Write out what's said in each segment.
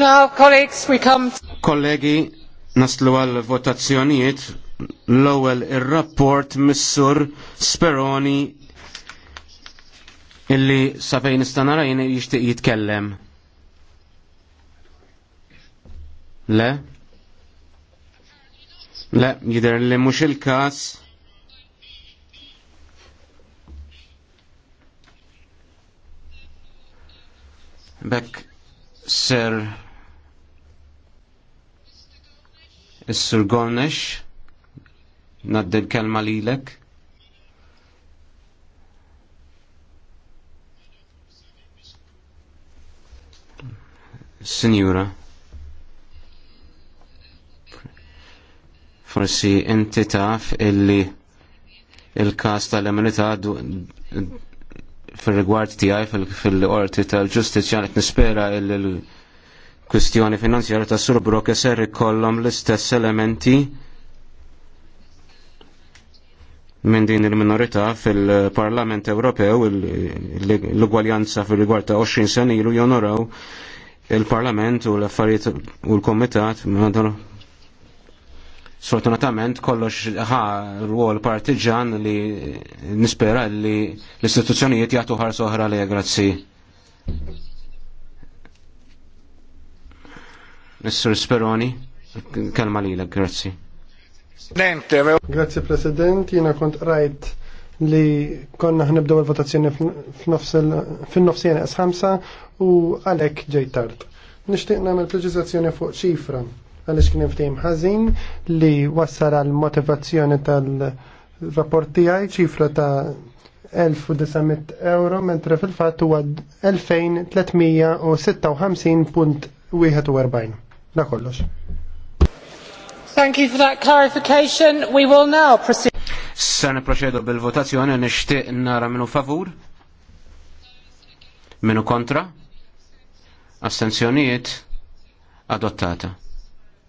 Now, colleagues, we come... Kollegi, naslu għal votazzjonijiet l-ewwel ir-rapport missur Speroni illi sabejn nista' narajn jixtieq jitkellem. Le? Le, jidher li mhux il-każ. Bekk ser Is-Sur Gornex, naddi l-kelma lilek. Signora, forsi inti taf illi il-kas tal-emenita fil-rigward tijaj fil-qorti tal-ġustizja għalet nispera illi kwistjoni finanzjara ta' Sur Brok e ser ikollhom l-istess elementi minn din il-minorità fil-Parlament Ewropew l-ugwaljanza fil-rigward ta' 20 sen ilu jonoraw il-Parlament u l-affarijiet u l-Komitat sfortunatament kollox ħa rwol partiġan li nispera li l-istituzzjonijiet jagħtu ħar soħra li grazzi. Mr. Speroni, Kelma li grazzi. Grazie President, jina kont rajt li konna ħnibdew il-votazzjoni fin-nofsien S5 u għalek ġej tard. Nixtieq nagħmel preċizazzjoni fuq ċifra għaliex kien ftehim ħażin li wassal għal motivazzjoni tal-rapport tiegħi ċifra ta' 1900 euro, mentre fil-fatt huwa 2356.41. Da kollox. Thank you for that clarification. We will now proceed. Sa proċedu bil-votazzjoni nixtieq nara minu favur. Minu kontra. Astenzjonijiet adottata.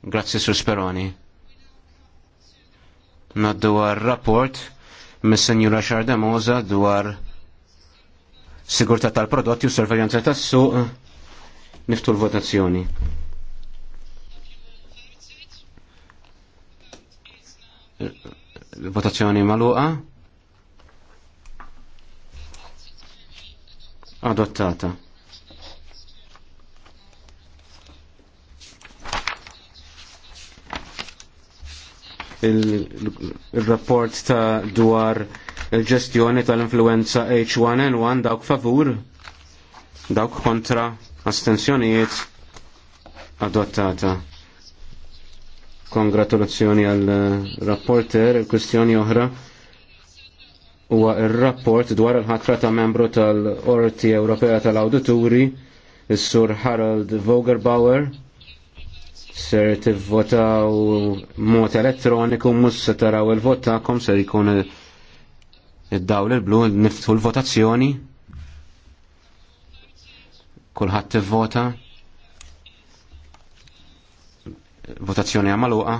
Grazzi Sur Speroni. Naddu rapport mis-Senjura Xardemoza dwar sigurtà tal-prodotti u sorveglianza tas-suq niftu l-votazzjoni. Votazzjoni maluqa. Adottata. il-rapport il ta' dwar il-ġestjoni tal-influenza H1N1 dawk favur, dawk kontra astensjonijiet adottata. Kongratulazzjoni għal eh, rapporter, kwestjoni oħra huwa ir-rapport dwar il-ħatra ta' membru tal-Orti Ewropea tal-Awdituri, is-Sur Harold Vogerbauer, ser tivvotaw mod elettroniku mhux se taraw il votakom tagħkom ser jkun eh, id-dawl il-blu niftu l-votazzjoni. Kulħadd tivvota. Votazzjoni għamaluqa.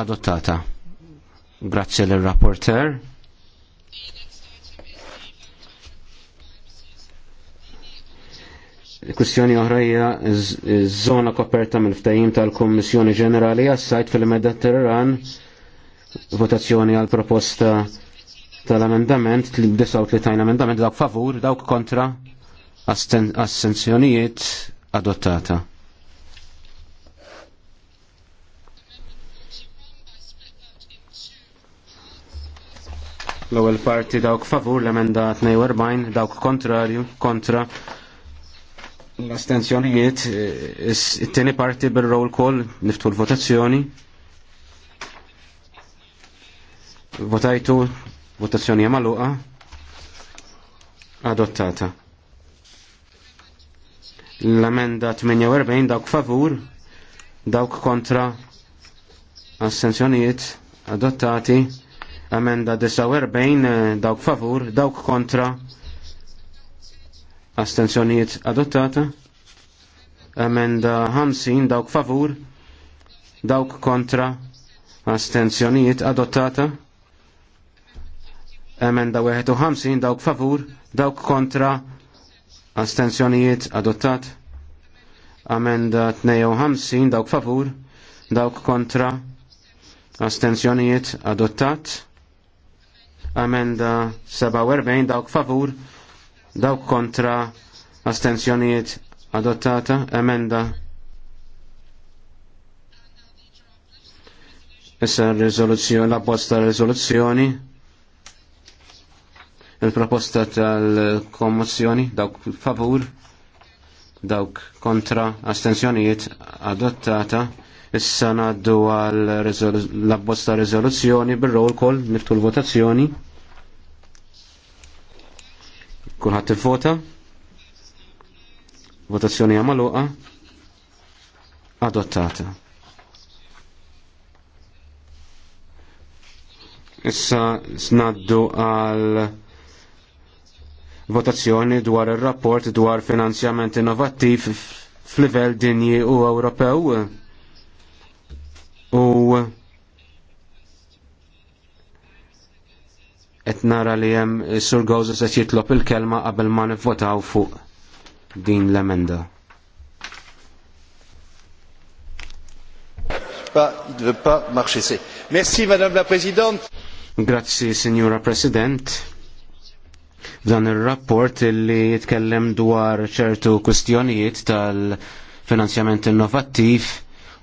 Adottata. Grazie l-rapporter. Kwistjoni oħra hija żona koperta mill-ftajim tal-Kummissjoni Ġenerali għas-sajt fil-Mediterran votazzjoni għal proposta tal-amendament 39 amendament dawk favur, dawk kontra, Astenzjonijiet adottata. L-ewwel parti dawk favur l-emenda 42 dawk kontrarju kontra l-astenzjonijiet eh, it-tieni parti bil-roll call niftu l-votazzjoni. Votajtu votazzjoni magħluqa adottata. L-amenda 48 dawk favur, dawk kontra assenzjonijiet adottati. Amenda 49 eh, dawk favur, dawk kontra astenzjonijiet adottata. Amenda 50 dawk favur, dawk kontra astenzjonijiet adottata emenda 51 dawk favur, dawk kontra Astenzjonijiet adottat amenda 52 dawk favur dawk kontra astenzjonijiet adottat amenda 47 dawk favur dawk kontra astenzjonijiet adottata emenda issa r-rezoluzzjoni, la posta rezoluzzjoni il-proposta tal-kommozzjoni, dawk favur, dawk kontra astensjonijiet adottata, issa naddu għal l-abbozza rezoluzzjoni bil-roll call niftu l-votazzjoni. Kulħadd vota Votazzjoni għamaluqa. Adottata. Issa snaddu għal votazzjoni dwar il rapport dwar finanzjament innovattiv f'livell dinji u Ewropew. U et nara li jem Sur Gawza se jitlop il-kelma qabel ma nivvotaw fuq din l-emenda. Merci, Madame la Présidente. Grazie, Signora Presidente dan il-rapport li jitkellem dwar ċertu kwistjonijiet tal-finanzjament innovattiv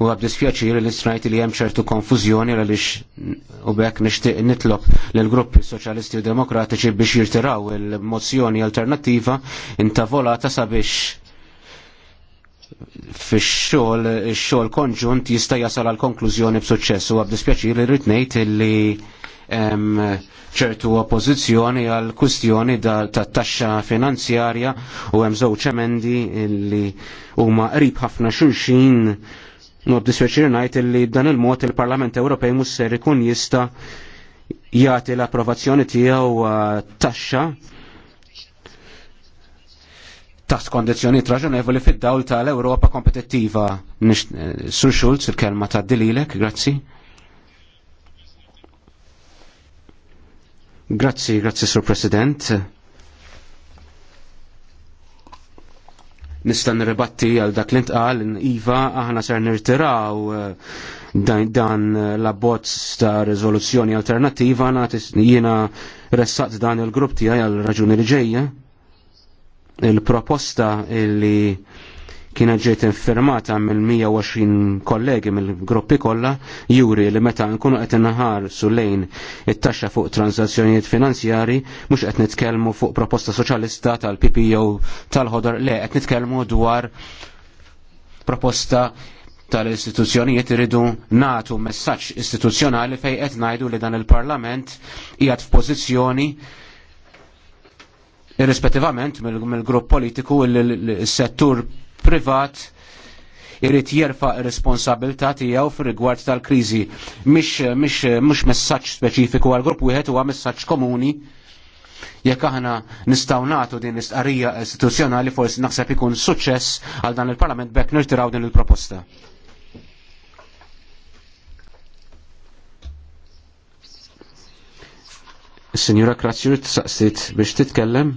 u għab dispjaċir li strajt li hemm ċertu konfużjoni għaliex u bekk nixtieq nitlob lill gruppi soċjalisti u demokratiċi biex jirtiraw il-mozzjoni alternattiva intavolata sabiex fix-xogħol ix-xogħol konġunt jista' jasal għal konklużjoni b'suċċess u għab dispjaċir li rritnejt ngħid li ċertu oppożizzjoni għal kwistjoni tat taxxa finanzjarja u hemm żewġ emendi li huma qrib ħafna xulxin nod dispeċir ngħid li dan il-mod il-Parlament Ewropej mhux ser ikun jista' jagħti l-approvazzjoni tiegħu taxxa taħt kondizjoni raġonevoli fid-dawl tal-Ewropa kompetittiva. Eh, Sur Schulz, il-kelma ta' dililek, grazzi. Grazzi, grazzi, Sur President. Nista' nirribatti għal dak li ntqal iva aħna ser nirtiraw eh, dan, la eh, l-abbozz ta' riżoluzzjoni alternattiva jiena ressaqt dan il-grupp tiegħi għal raġuni li ġejja. Il-proposta li kiena ġejt infirmata mill-120 kollegi mill-gruppi kollha juri li meta nkunu qed inħarsu lejn it-taxxa fuq transazzjonijiet finanzjari mhux qed nitkellmu fuq proposta soċjalista tal-PPO tal-ħodor le qed nitkellmu dwar proposta tal-istituzzjonijiet iridu natu messaġġ istituzzjonali fejn qed ngħidu li dan il-Parlament qiegħed f'pożizzjoni irrispettivament mill-grupp politiku il-settur privat irrit jerfa responsabilta tijaw fil rigward tal-krizi. Mish, mish, mish messaċ speċifiku għal-grupp wieħed huwa messaċ komuni jekk aħna nistgħu nagħtu din l-istqarrija istituzzjonali forsi naħseb ikun suċċess għal dan il-Parlament bekk nirtiraw din il-proposta. Signora Kratzjur, saqsit biex titkellem?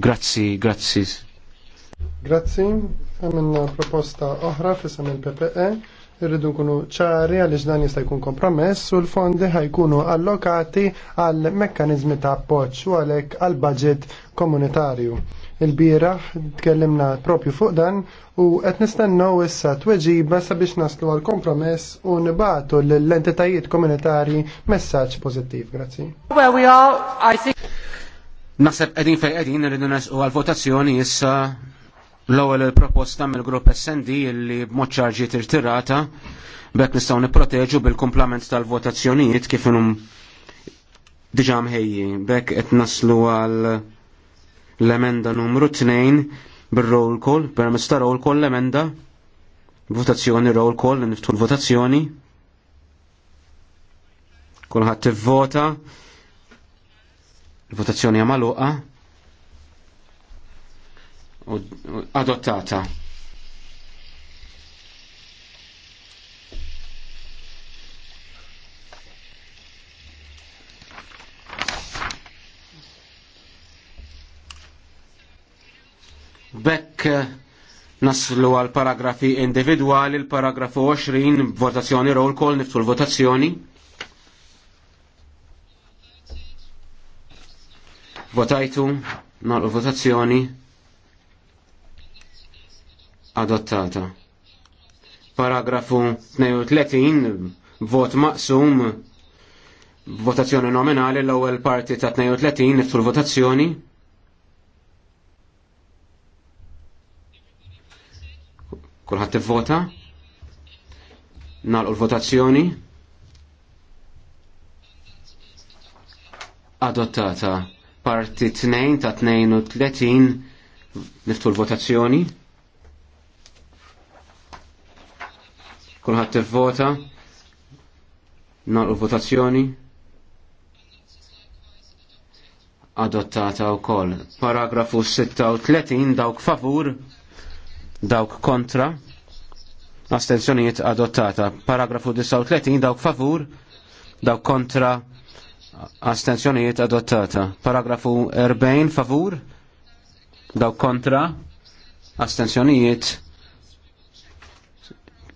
Grazzi, grazzi, Grazzi, għamilna proposta oħra fissam il-PPE, irridu kunu ċari għaliex dan jista' jkun kompromess u l-fondi ħajkunu allokati għal mekkanizmi ta' appoġġ u għalhekk għal budget komunitarju. Il-bieraħ tkellimna propju fuq dan u qed nistennew issa tweġiba sabiex naslu għal kompromess u nibatu lill-entitajiet komunitarji messaġġ pożittiv. Grazzi. Well we are, I think... Naħseb qegħdin fejn qegħdin irridu nesqu għal votazzjoni issa l-ewwel il-proposta mill-grupp SND li b'mod ċarġi tirtirata bekk nistgħu nipproteġu bil-kumplament tal-votazzjonijiet kif inhum diġà mħejji bekk qed naslu għal l-emenda numru 2 bir-roll call, permezz ta' roll call l-emenda votazzjoni roll call niftu l-votazzjoni kulħadd tivvota il-votazzjoni hija magħluqa adottata. Bekk eh, naslu għal paragrafi individuali, il-paragrafu 20, votazzjoni roll call, niftu l-votazzjoni. Votajtu, nal votazzjoni adottata. Paragrafu 32 vot maqsum votazzjoni nominali l-ewwel parti ta' 32 niftu l-votazzjoni. Kulħadd ivvota. Nagħlqu l-votazzjoni. Adottata parti 2 ta' 32 niftu l-votazzjoni. Kulħadd tivvota. Nagħlqu votazzjoni. Adottata wkoll. Paragrafu 36 dawk favur, dawk kontra. Astenzjonijiet adottata. Paragrafu 39 dawk favur, dawk kontra. Astenzjonijiet adottata. Paragrafu 40 favur, dawk kontra. Astenzjonijiet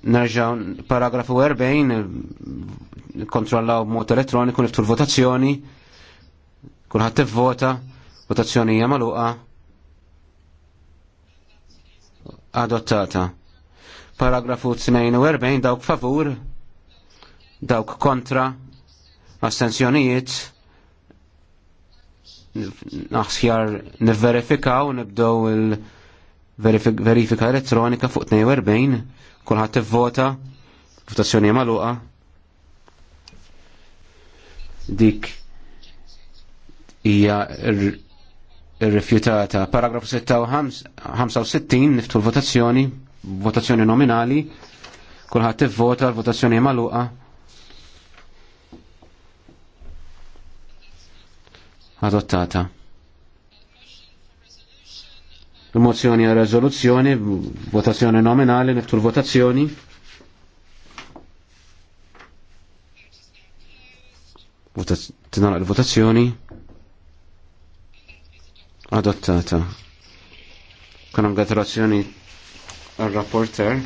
nerġaw paragrafu 40 kontrollaw mod elettroniku niftu l-votazzjoni kulħadd tivvota votazzjoni hija magħluqa adottata. Paragrafu 42 dawk favur, dawk kontra, astensjonijiet, naħsjar niverifikaw nibdow il- verifika elettronika fuq 42 kulħadd ivvota votazzjoni magħluqa dik hija rrifjutata. Paragrafu 65 niftu l-votazzjoni, votazzjoni nominali, kulħadd ivvota l-votazzjoni magħluqa. Adottata il-mozzjoni għal rezoluzzjoni, votazzjoni nominali, niftu l-votazzjoni. Tinara l-votazzjoni. Adottata. Kongratulazzjoni għal rapporter.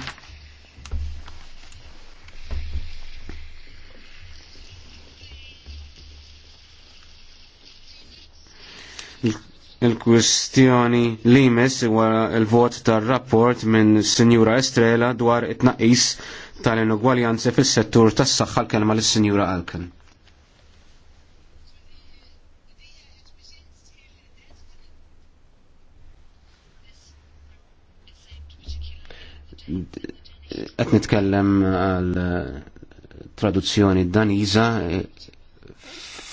Il il-kwistjoni li jmiss wara il-vot tar-rapport minn Sinjura Estrela dwar it-tnaqqis tal-inugwaljanzi fis-settur tas-saħħa l-kelma lis sinjura Alken. Qed nitkellem għal traduzzjoni Daniża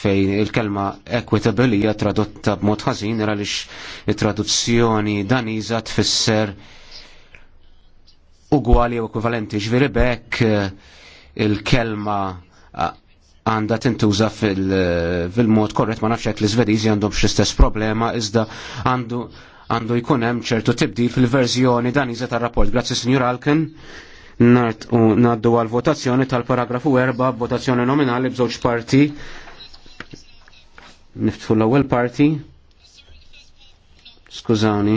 fejn il-kelma equitable hija tradotta b'mod ħażin era għaliex it-traduzzjoni daniża tfisser ugwali u ekwivalenti ġviri bekk eh, il-kelma eh, għanda tintuża eh, fil-mod korret ma nafx hekk l għandhom għandhom istess problema iżda għandu għandu jkun hemm ċertu tibdil fil-verżjoni daniża tar-rapport. Grazzi Sinjur Alken nart u naddu għal votazzjoni tal-paragrafu 4 votazzjoni nominali bżewġ parti Niftħu l-ewwel parti. Skużawni,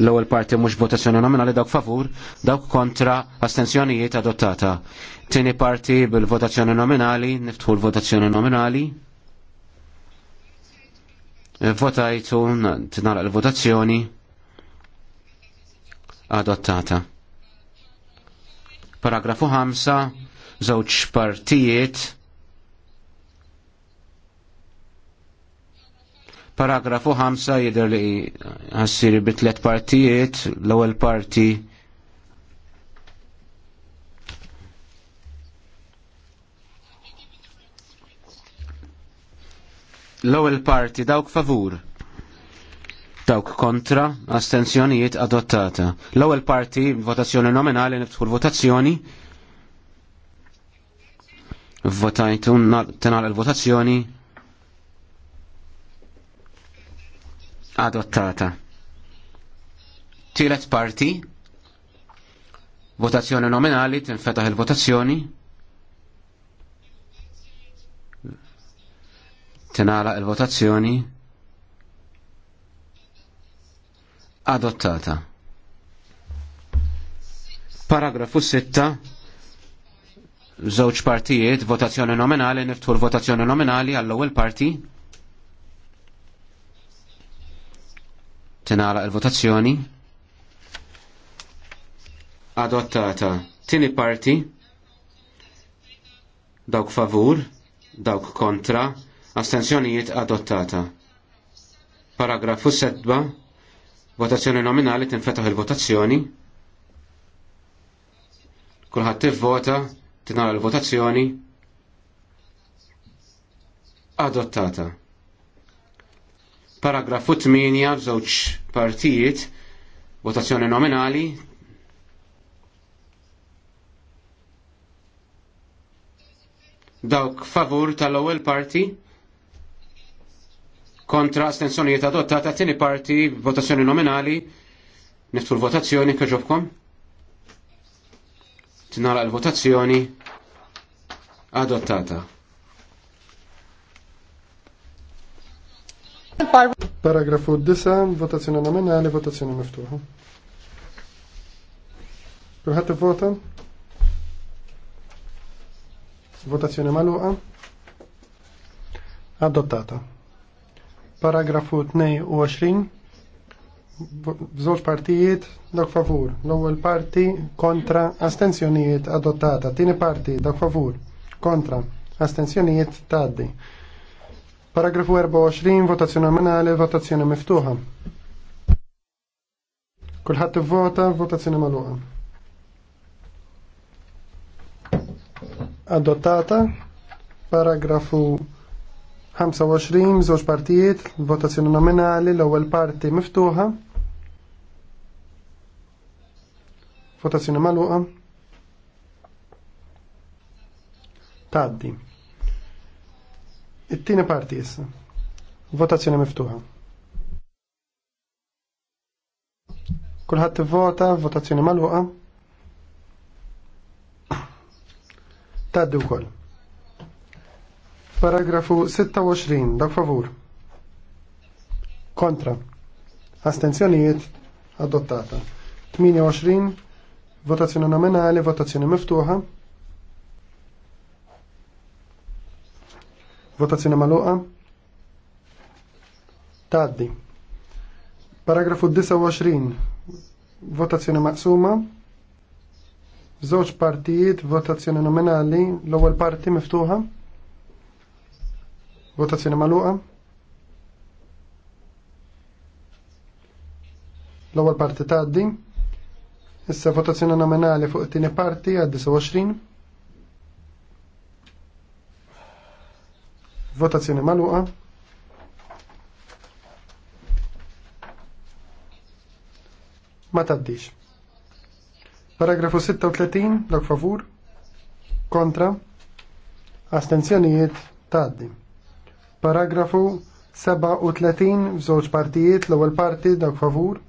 l-ewwel parti mhux votazzjoni nominali dawk favur, dawk kontra astensjonijiet adottata. Tieni parti bil-votazzjoni nominali, niftħu l-votazzjoni nominali. E, votajtu, tinara l-votazzjoni adottata. Paragrafu 5, żewġ partijiet Paragrafu 5 jidher li ħassiri bi tliet partijiet, l-ewwel parti l-ewwel parti dawk favur dawk kontra astenzjonijiet adottata. L-ewwel parti votazzjoni nominali niftħu l-votazzjoni. Votajtu tenal il-votazzjoni. adottata. Tielet parti, votazzjoni nominali, tinfetaħ il-votazzjoni. Tinala il-votazzjoni. Adottata. Paragrafu 6 żewġ partijiet, votazzjoni nominali, niftħu l-votazzjoni nominali għall-ewwel parti. Tinala il-votazzjoni. Adottata. Tini parti. Dawk favur. Dawk kontra. Astenzjonijiet adottata. Paragrafu 7. Votazzjoni nominali tinfetaħ il-votazzjoni. Kulħadd tivvota, tinara l-votazzjoni. Adottata. Paragrafu 8 żewġ partijiet, votazzjoni nominali. Dawk favur tal-ewwel parti kontra astensjonijiet adottata tieni parti votazzjoni nominali niftu l-votazzjoni kħeġobkom tinara l-votazzjoni adottata Paragrafu 9, votazzjoni nominali, votazzjoni miftuħa. Kulħadd ivvota? Votazzjoni magħluqa? Adottata. Paragrafu 22, Żewġ partijiet dak favur. L-ewwel parti kontra astenzjonijiet adottata. Tieni parti dak favur kontra astenzjonijiet tgħaddi. Paragrafu 24, votazzjoni nominali, votazzjoni miftuħa. Kulħadd ivvota, votazzjoni magħluqa. Adottata. Paragrafu 25, żewġ partijiet, votazzjoni nominali, l-ewwel parti miftuħa. Votazzjoni magħluqa. Taddi. It-tieni parti issa. Votazzjoni miftuħa. Kulħadd ivvota, votazzjoni magħluqa. Taddu wkoll. Paragrafu 26, dak favur. Kontra. Astenzjonijiet adottata. 28, votazzjoni nominali, votazzjoni miftuħa. Votazzjoni magħluqa. Taddi. Paragrafu 29. Votazzjoni maqsuma. Żewġ partijiet, votazzjoni nominali, l-ewwel parti miftuħa. Votazzjoni magħluqa. L-ewwel parti taddi. Issa votazzjoni nominali fuq it-tieni parti għad 29. Votazzjoni maluqa. Ma taddix. Paragrafu 36, dak favur, kontra, astenzjonijiet taddi. Paragrafu 37, f'żewġ partijiet, l-ewwel parti dak favur,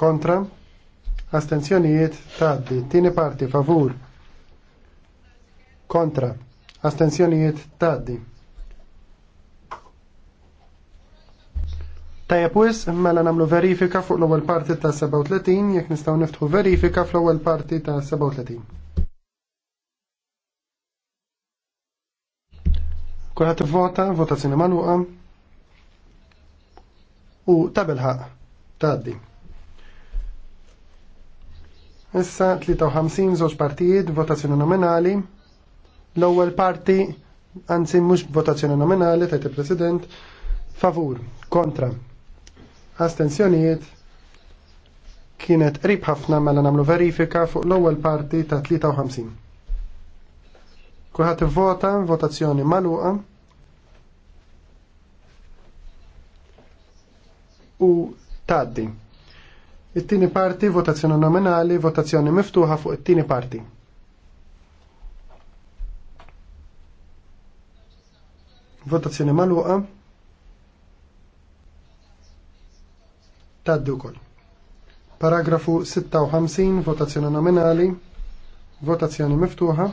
kontra, astenzjonijiet taddi. Tieni parti favur, kontra, astenzjonijiet taddi. Tajab wis, mela namlu verifika fuq l-ewwel parti ta' 37, jekk nistgħu niftħu verifika fl-ewwel parti ta' 37. Kulħadd ivvota, votazzjoni magħluqa. U ta' tgħaddi. Issa 53 żewġ partijiet, votazzjoni nominali. L-ewwel parti, anzi mhux votazzjoni nominali, tajt il-President, favur, kontra, astenzjonijiet kienet qrib ħafna mela nagħmlu verifika fuq l-ewwel parti ta' 53. Kulħadd ivvota votazzjoni magħluqa. U tgħaddi. It-tieni parti votazzjoni nominali, votazzjoni miftuħa fuq it-tieni parti. Votazzjoni magħluqa. Taddu kol. Paragrafu 56, votazzjoni nominali, votazzjoni miftuħa.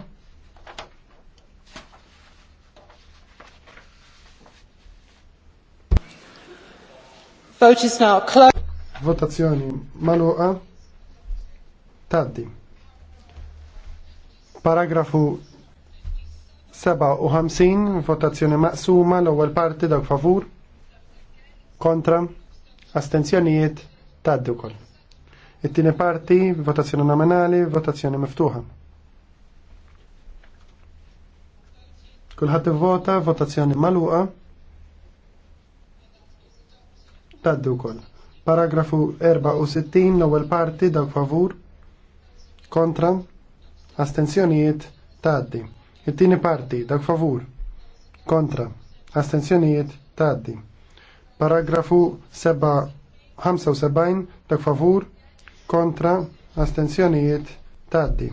Vote is now closed. Votazzjoni maluqa. Taddi. Paragrafu 57, votazzjoni maqsuma, l-ewwel parti dak favur, kontra, astenzjonijiet taddu kol. It-tieni parti, votazzjoni nominali, votazzjoni miftuħa. Kulħadd ivvota, votazzjoni magħluqa. Taddu kol. Paragrafu 64, l-ewwel parti dawk favur, kontra, astenzjonijiet taddi. It-tieni parti dawk favur, kontra, astenzjonijiet taddi. Paragrafu 75 dak favur kontra astenzjonijiet taddi.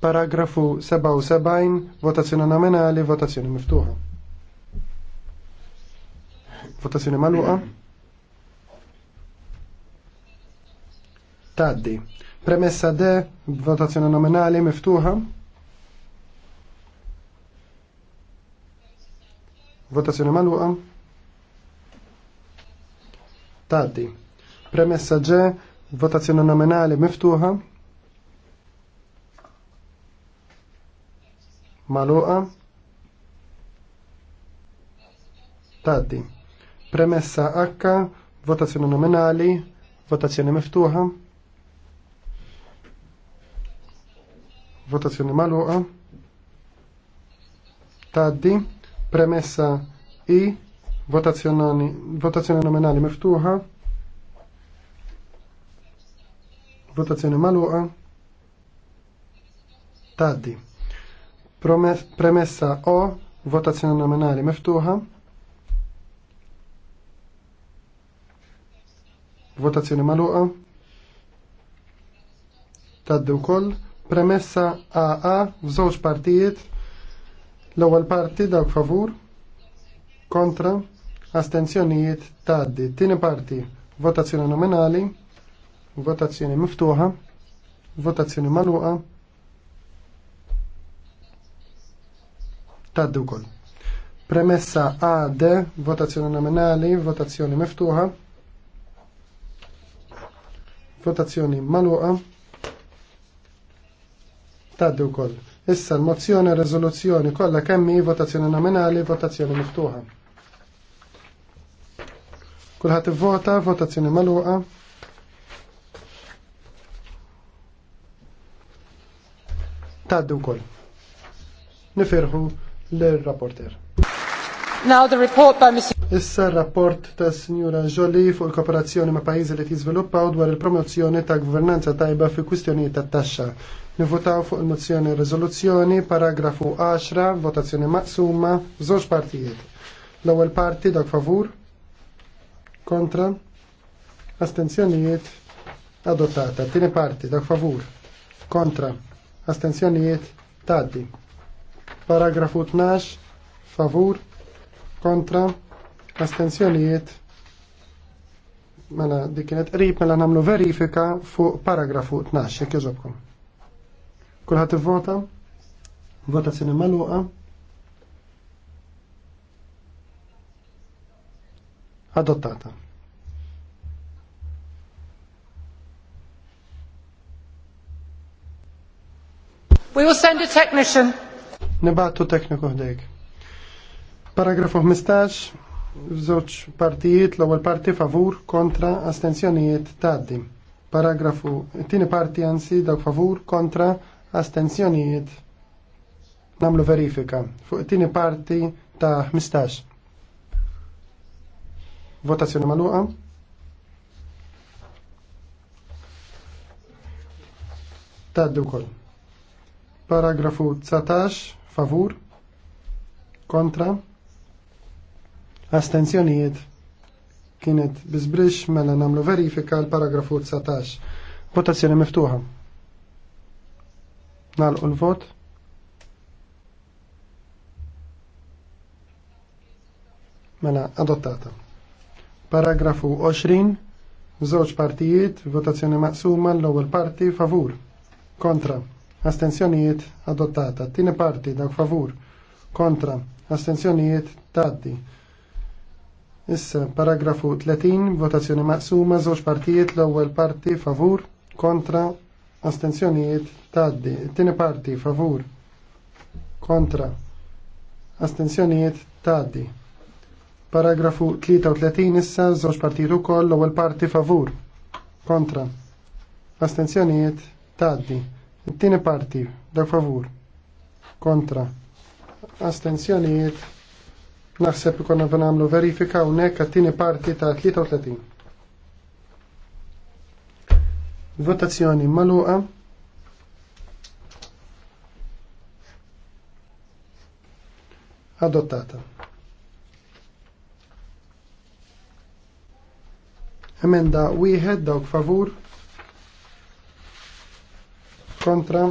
Paragrafu 77 votazzjoni nominali, votazzjoni miftuħa. Votazzjoni maluqa? Taddi. Premessa D, votazzjoni nominali miftuħa. Votazzjoni maluqa? Taddi. Premessa ġe, votazzjoni nominali miftuħa. Maluqa. Taddi. Premessa H, votazzjoni nominali, votazzjoni miftuħa. Votazzjoni maluqa. Taddi. Premessa I, Votazzjoni nominali miftuħa. Votazzjoni maluqa. Taddi. Premessa O. Votazzjoni nominali miftuħa. Votazzjoni maluqa. Taddi wkoll. Premessa AA Vżoċ partijiet. L-ewwel parti dawk favur kontra astenzjonijiet taddi. Tini parti, votazzjoni nominali, votazzjoni miftuħa, votazzjoni maluqa, taddi wkoll. Premessa AD, votazzjoni nominali, votazzjoni miftuħa, votazzjoni maluqa, taddi wkoll. Issa l-mozzjoni, rezoluzzjoni kollha kemm votazzjoni nominali, votazzjoni miftuħa. Kulħadd ivvota, votazzjoni magħluqa. Taddu wkoll. Nifirħu l-rapporter. Now the report by Mr. Issa rapport ta' Signora Jolie fuq il-kooperazzjoni ma' pajjiżi li tiżviluppaw dwar il-promozzjoni ta' gvernanza tajba fi kwistjonijiet ta' taxxa. Nivvotaw fuq il-mozzjoni rezoluzzjoni, paragrafu 10, votazzjoni maqsuma, żewġ partijiet. L-ewwel parti dak favur, kontra, astenzjonijiet adottata. Tieni parti, dak favur, kontra, astenzjonijiet taddi. Paragrafu 12, favur, kontra, astenzjonijiet mela dik kienet mela nagħmlu verifika fuq paragrafu 12 jekk jogħġobkom. Kulħadd vota Votazzjoni magħluqa. adottata. We will send a technician. Nibatu tekniku ħdejk. Paragrafu 15, żewġ partijiet, l-ewwel parti favur kontra astenzjonijiet taddi. Paragrafu tieni parti ansi dawk favur kontra astenzjonijiet namlu verifika fuq tieni parti ta' 15. Votazzjoni maluqa. Taddu kol. Paragrafu 19, favur, kontra, astenzjonijiet kienet bizbrix mela namlu verifika l-paragrafu 19. Votazzjoni miftuħa. Nalqu l-vot. Mela adottata. Paragrafu 20, żewġ partijiet, votazzjoni maqsuma l-ewwel parti favur, kontra, astenzjonijiet adottata. Tieni parti dak favur, kontra, astenzjonijiet taddi. Issa paragrafu 30, votazzjoni maqsuma żewġ partijiet, l-ewwel parti favur, kontra, astenzjonijiet taddi. Tieni parti favur, kontra, astenzjonijiet taddi. Paragrafu 33 issa żewġ partit ukoll l-ewwel parti favur. Kontra. Astenzjonijiet tgħaddi. It-tieni parti dak favur. Kontra. Astenzjonijiet naħseb ikonna nagħmlu verifika hawnhekk għat-tieni parti ta' 33. Votazzjoni maluqa. Adottata. Emenda wieħed dawk favur kontra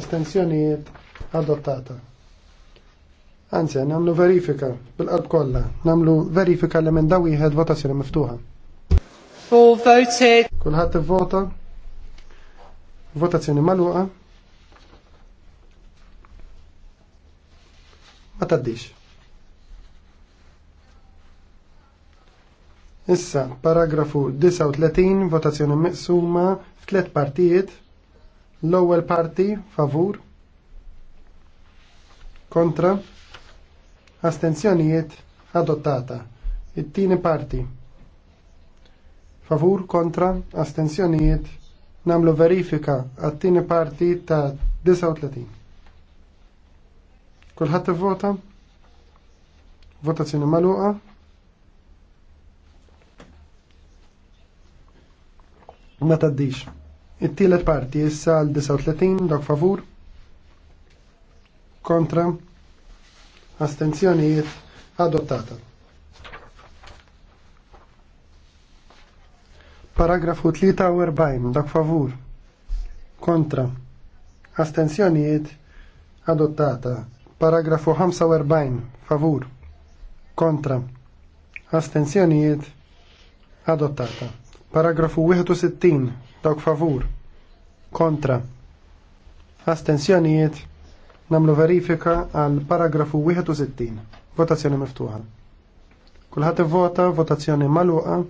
astensjonijiet adottata. Anzi, namlu verifika bil-qalb kollha, namlu verifika l-emenda wieħed votazzjoni miftuħa. voted. Kulħadd ivvota. Votazzjoni magħluqa. Ma taddix. Issa, paragrafu 39, votazzjoni miqsuma f'tlet partijiet. L-ewwel parti favur kontra astenzjonijiet adottata. It-tieni parti favur kontra astenzjonijiet namlu verifika għat-tieni parti ta' 39. Kulħadd ivvota? Votazzjoni magħluqa? ma taddix. It-tielet parti issa għal 39 dak favur kontra astenzjonijiet adottata. Paragrafu 43 dak favur kontra astenzjonijiet adottata. Paragrafu 45 favur kontra astenzjonijiet adottata. Paragrafu 61, dawk favur, kontra. Astenzjonijiet, namlu verifika għal paragrafu 61, votazzjoni miftuħa. Kulħat vota, votazzjoni maluqa.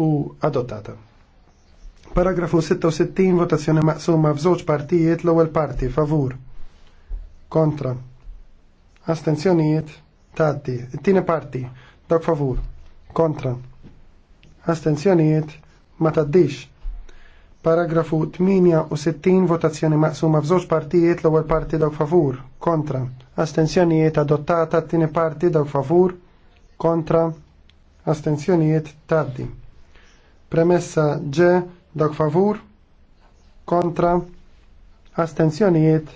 U adottata. Paragrafu 66, votazzjoni maqsuma f'żewġ partijiet l-ewwel parti favur. Kontra. Astenzjonijiet taddi. it parti, dak favur, kontra. Astenzjonijiet ma taddix. Paragrafu 68 votazzjoni maqsuma f'żewġ partijiet l-ewwel parti dawk favur, kontra. Astenzjonijiet adottata t parti dawk favur, kontra. Astenzjonijiet taddi. Premessa G Dak favur, kontra. Astenzjonijiet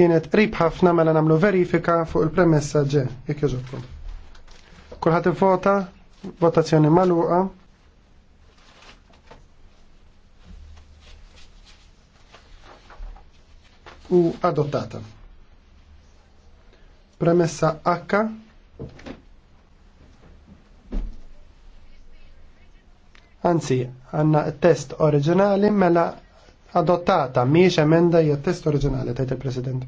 kienet qrib ħafna mela nagħmlu verifika fuq il-premessa ġe, jekk jogħġobkom. Kulħadd ivvota, votazzjoni magħluqa. U adottata. Premessa H Anzi, għanna test oriġinali mela adottata, miex emenda hija test oriġinali tajt il-President.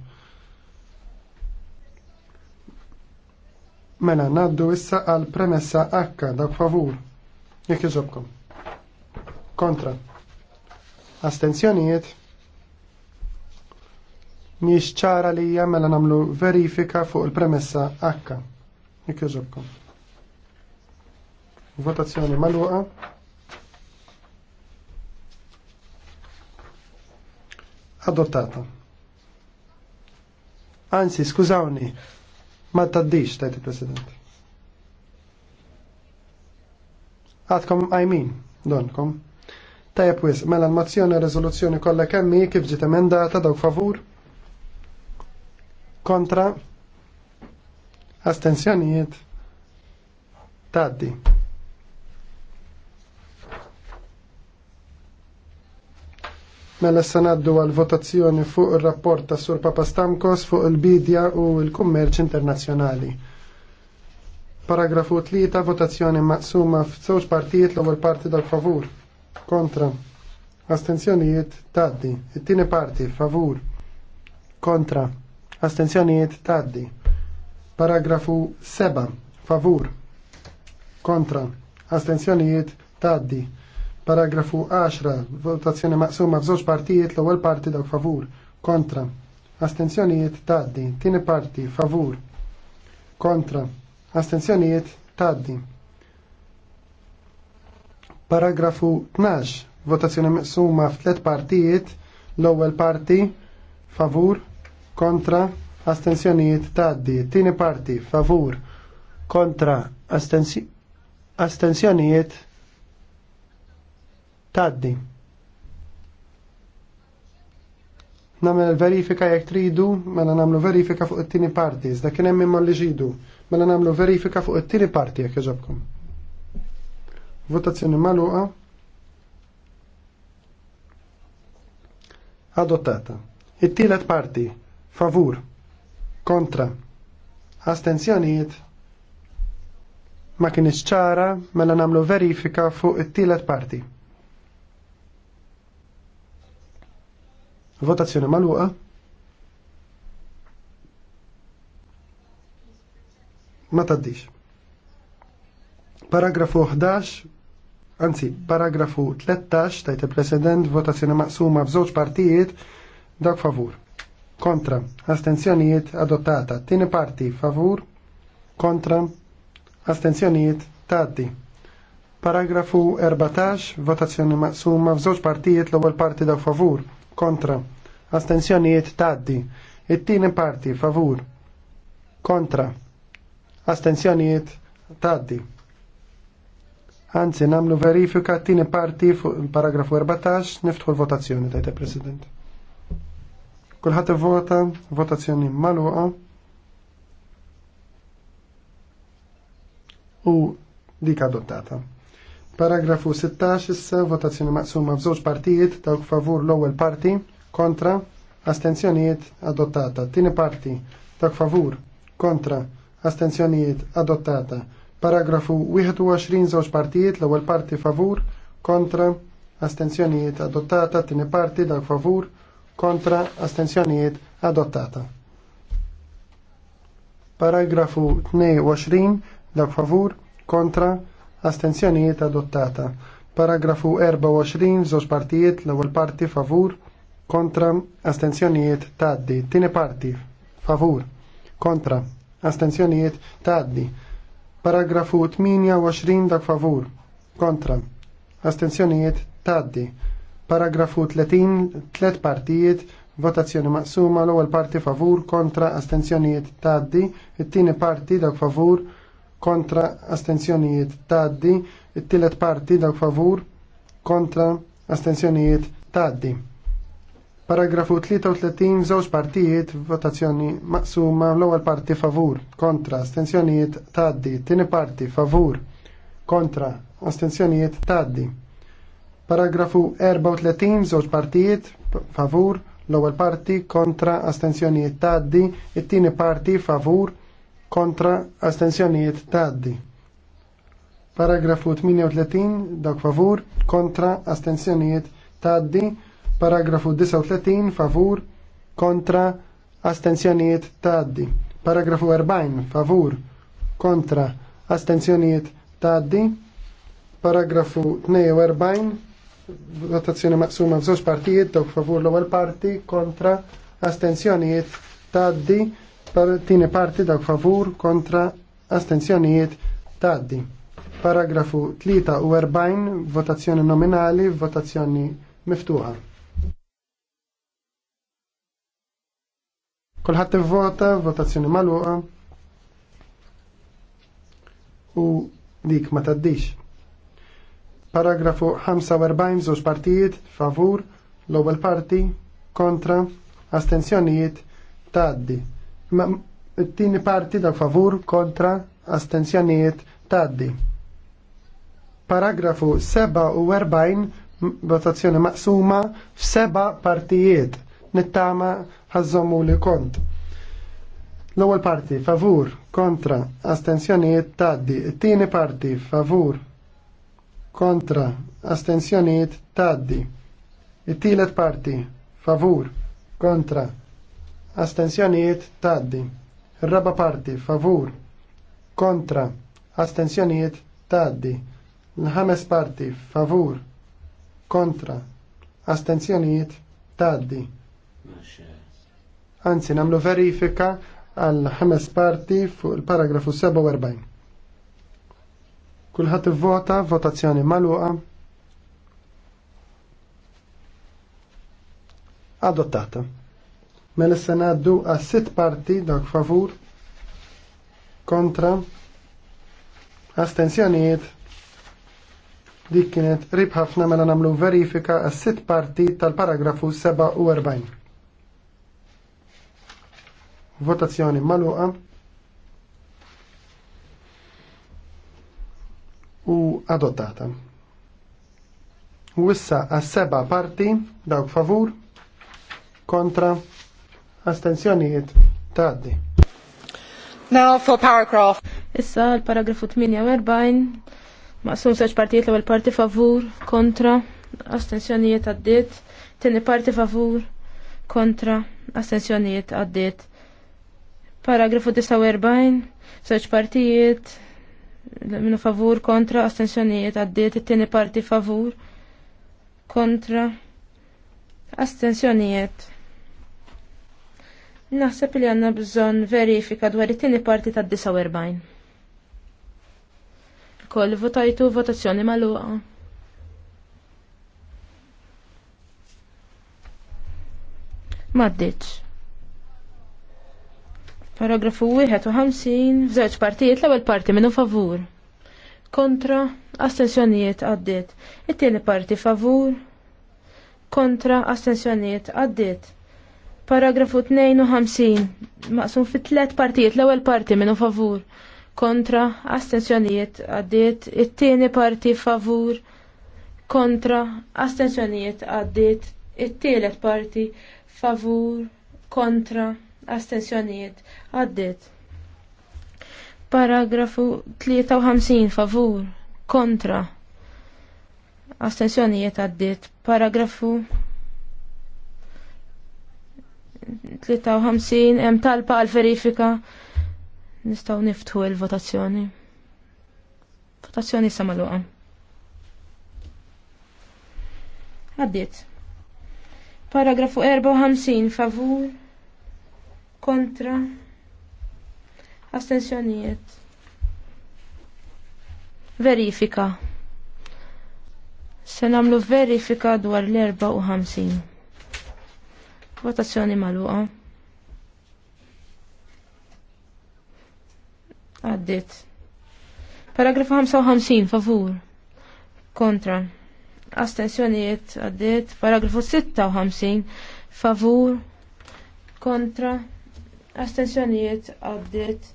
Mela, naddu issa għal premessa H, dak favur. Jekk iġobkom. Kontra. Astenzjonijiet. Miex ċara li hija mela namlu verifika fuq il-premessa H. Jekk iġobkom. Votazzjoni maluqa. adottata. Anzi, skużawni, ma taddix, tajti il-President. Għadkom għajmin, donkom. Tajab wis, mela l-mozzjoni rezoluzzjoni kollha kemmi kif ġiet emendata dawk favur? Kontra? Astenzjonijiet? Taddi. Mela sanaddu għal votazzjoni fuq il-rapport ta' Sur Papa Stamkos fuq il-bidja u il-kummerċ internazzjonali. Paragrafu 3, votazzjoni maqsuma f'żewġ partijiet l-ewwel parti dal-favur. Kontra. Astenzjonijiet taddi. It-tieni parti favur. Kontra. Astenzjonijiet taddi. Paragrafu 7, favur. Kontra. Astenzjonijiet taddi. Paragrafu 10, votazzjoni maqsuma f'żewġ partijiet l-ewwel parti dawk favur, kontra. Astenzjonijiet taddi, tieni parti favur, kontra. Astenzjonijiet taddi. Paragrafu 12, votazzjoni maqsuma f'tliet partijiet l-ewwel parti favur, kontra. Astenzjonijiet taddi, tieni parti favur, kontra. Astenzjonijiet taddi. Namel verifika jek tridu, mela namlu verifika fuq it-tini parti, iżda kien hemm imma li ġidu, mela namlu verifika fuq it-tini parti jekk iġobkom. Votazzjoni maluqa. Adottata. It-tielet parti, favur, kontra, astenzjonijiet, ma kienx ċara mela namlu verifika fuq it-tielet parti. Votazzjoni maluqa. Ma taddix. Paragrafu 11, anzi, paragrafu 13 tajt il-President, votazzjoni maqsuma f'żewġ partijiet, dak favur. Kontra, astenzjonijiet adottata. Tieni parti, favur. Kontra, astenzjonijiet taddi. Paragrafu 14, votazzjoni maqsuma f'żewġ partijiet l-ewwel parti dak favur kontra, astensjonijiet taddi, it-tieni parti favur, kontra, astensjonijiet taddi. Anzi, namlu verifika t-tieni parti fuq il-paragrafu 14, niftħu l-votazzjoni, tajte President. Kulħat vota, votazzjoni maluqa. U dik adottata. Paragrafu 16 issa votazzjoni maqsuma f'żewġ partijiet dawk favur l-ewwel parti, kontra, astenzjonijiet adottata. Tieni parti dawk favur, kontra, astenzjonijiet adottata. Paragrafu 21 żewġ partijiet l-ewwel parti favur, kontra, astenzjonijiet adottata. Tieni parti dawk favur, kontra, astenzjonijiet adottata. Paragrafu 22 dawk favur, kontra, astenzjonijiet adottata. Paragrafu 24 żewġ partijiet l-ewwel parti favur kontra astenzjonijiet taddi. Tieni parti favur kontra astenzjonijiet taddi. Paragrafu 28 dak favur kontra astenzjonijiet taddi. Paragrafu 30 tliet partijiet Votazzjoni maqsuma l-ewwel parti favur kontra astenzjonijiet taddi. it-tieni parti dak favur kontra astenzjonijiet taddi, it tillet parti dawk favur kontra astenzjonijiet taddi. Paragrafu 33 żewġ partijiet votazzjoni maqsuma l-ewwel parti favur kontra astenzjonijiet taddi, tieni parti favur kontra astenzjonijiet taddi. Paragrafu 34 żewġ partijiet favur l-ewwel parti kontra astenzjonijiet taddi, it-tieni parti favur kontra astensjonijiet taddi. Paragrafu 38 dawk favur kontra astensjonijiet taddi. Paragrafu 39 favur kontra astensjonijiet taddi. Paragrafu 40 favur kontra astensjonijiet taddi. Paragrafu 42 votazzjoni maqsuma f'żewġ partijiet dawk favur l-ewwel parti kontra astensjonijiet taddi Tini parti dak favur kontra astenzjonijiet taddi. Paragrafu 43 votazzjoni nominali, votazzjoni miftuħa. Kolħat vota, votazzjoni maluqa u dik ma taddix. Paragrafu 45 żewġ partijiet favur l-ewwel parti kontra astenzjonijiet taddi it-tieni parti da favur kontra astenzjonijiet taddi. Paragrafu 47 votazzjoni maqsuma f'seba partijiet nittama ħazzomu li kont. L-ewwel parti favur kontra astenzjonijiet taddi. It-tieni parti favur kontra astenzjonijiet taddi. It-tielet parti favur kontra astensjonijiet taddi. Raba parti, favur, kontra, astensjonijiet taddi. L-ħames parti, favur, kontra, astensjonijiet taddi. Anzi, namlu verifika għal ħames parti fuq il-paragrafu 47. Kulħat vota, votazzjoni maluqa. Adottata. Mela se ngħaddu għas sitt parti dak favur kontra astensjonijiet dik kienet rib ħafna mela nagħmlu verifika għas sitt parti tal-paragrafu 47. Votazzjoni magħluqa. u adottata. U issa għas seba parti dawk favur kontra astensjonijiet taddi. Now for paragraph. Issa l-paragrafu 48 maqsum seċ partijiet l-ewwel parti favur kontra astensjonijiet għaddiet, tenni parti favur kontra astensjonijiet għaddiet. Paragrafu 49 seċ partijiet minu favur kontra astensjonijiet għaddiet, it-tieni parti favur kontra astensjonijiet Naħseb li għanna bżon verifika dwar it-tieni parti ta' 49. Koll votajtu votazzjoni maluqa. Maddiċ. Paragrafu 51, f'żewġ partijiet l-ewwel parti minnu favur. Kontra, astensjonijiet għaddiet. It-tieni parti favur. Kontra, astensjonijiet għaddiet. Paragrafu 52. Maqsum fit tlet partijiet, l-ewwel parti minnu favur kontra astensjonijiet għaddiet, it-tieni parti favur kontra astensjonijiet għaddiet, it-tielet parti favur kontra astensjonijiet għaddiet. Paragrafu 53 favur kontra astensjonijiet għaddiet. Paragrafu 53 hemm talba għal verifika. Nistgħu niftħu il-votazzjoni. Votazzjoni sa magħluqa. Għaddiet. Paragrafu 54 favur kontra astensjonijiet. Verifika. Se namlu verifika dwar l-54. Votazzjoni maluqa. Għaddit. Paragrafu 55, favur. Kontra. Astensjoniet, għaddit. Paragrafu 56, favur. Kontra. Astensjoniet, għaddit.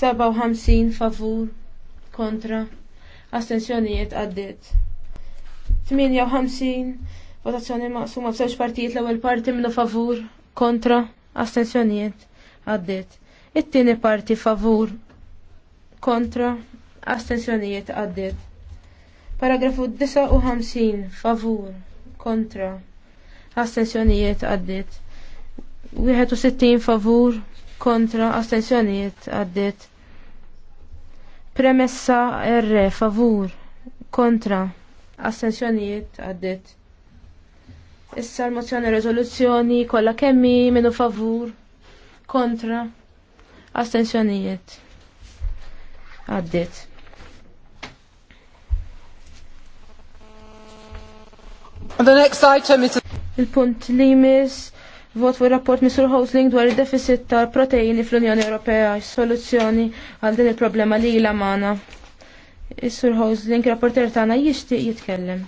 57, favur. Kontra. Astensjoniet, għaddit. 58, Votazzjoni maqsuma b'żewġ partijiet l-ewwel parti minnu favur kontra astensjonijiet għaddiet. It-tieni parti favur kontra astensjonijiet għaddiet. Paragrafu 59 favur kontra astensjonijiet għaddiet. 61 favur kontra astensjonijiet għaddiet. Premessa R favur kontra astensjonijiet għaddiet. Issa l-mozzjoni e rezoluzzjoni kollha kemmi minu favur kontra astensjonijiet. Għaddit. The next item is il-punt li jmiss vot fuq rapport Mr. Housling dwar id-deficit tal-proteini fl-Unjoni Ewropea soluzzjoni għal din il-problema li jila magħna. Is-Sur Hosling, rapporter tagħna jixtieq jitkellem.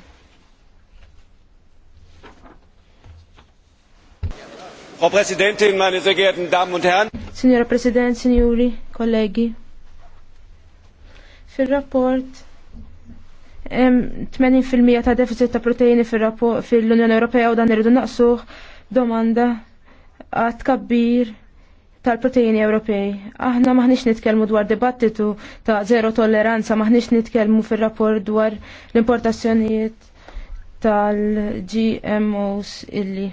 Frau Präsidentin, meine sehr geehrten Damen und Herren. Signora President, signori, kollegi. Fil-rapport 80% ta' deficit ta' proteini fil-Unjoni Ewropea u dan irridu naqsuh domanda għat kabbir tal-proteini Ewropej. Aħna maħnix nitkellmu dwar dibattitu ta' zero tolleranza, maħnix nitkellmu fil-rapport dwar l-importazzjonijiet tal-GMOs illi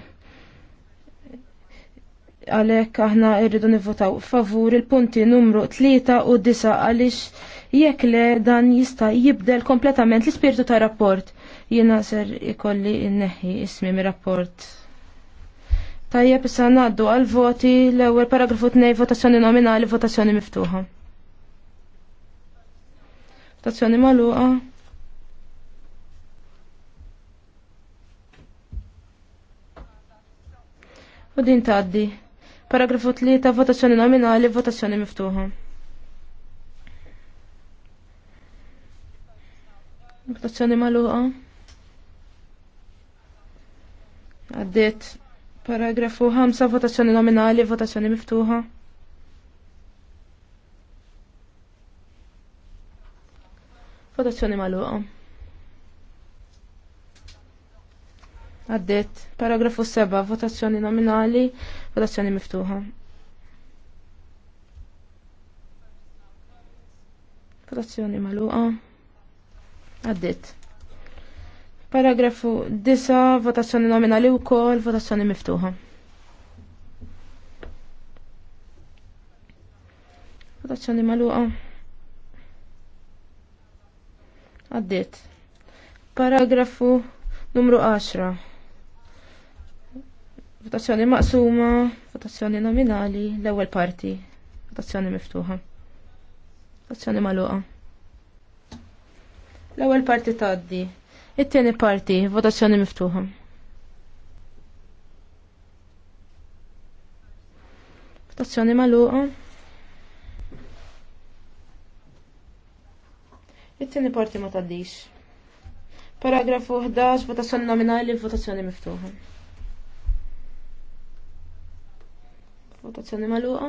għalhekk aħna rridu nivvotaw favur il-punti numru 3 u 9 għaliex jekk le dan jista' jibdel kompletament l-ispirtu ta' rapport. Jena ser ikolli inneħi ismi mir-rapport. Tajjeb issa ngħaddu għal voti l-ewwel paragrafu 2 votazzjoni nominali votazzjoni miftuħa. Votazzjoni magħluqa. U din tgħaddi. Paragrafu 3, votazzjoni nominali, votazzjoni miftuħa. Votazzjoni maluqa. Għaddit. Paragrafu 5, votazzjoni nominali, votazzjoni miftuħa. Votazzjoni maluqa. Għaddit. Paragrafu 7, votazzjoni nominali, Votazzjoni miftuħa. Votazzjoni magħluqa. Għaddit. Paragrafu 9, votazzjoni nominali wkoll, votazzjoni miftuħa. Votazzjoni magħluqa. Għaddit. Paragrafu numru 10. Votazzjoni maqsuma, votazzjoni nominali, l-ewwel parti, votazzjoni miftuħa. Votazzjoni magħluqa. L-ewwel parti tgħaddi. It-tieni parti, votazzjoni miftuħa. Votazzjoni magħluqa. It-tieni parti ma tgħaddix. Paragrafu 11, votazzjoni nominali, votazzjoni miftuħa. Votazzjoni magħluqa.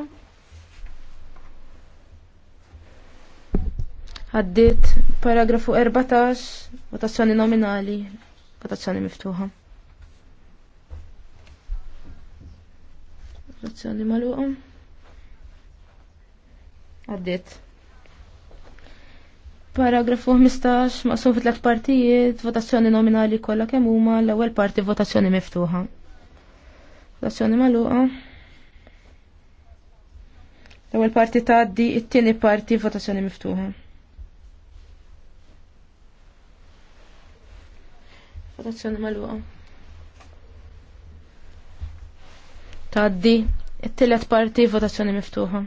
Għaddit paragrafu 14, votazzjoni nominali, votazzjoni miftuħa. Votazzjoni magħluqa. Għaddit. Paragrafu 15, maqsum fit tlet partijiet, votazzjoni nominali kollha kemm huma l-ewwel parti votazzjoni miftuħa. Votazzjoni magħluqa il parti taddi, it-tieni parti votazzjoni miftuħa. Votazzjoni magħluqa. Taddi it-tielet parti votazzjoni miftuħa.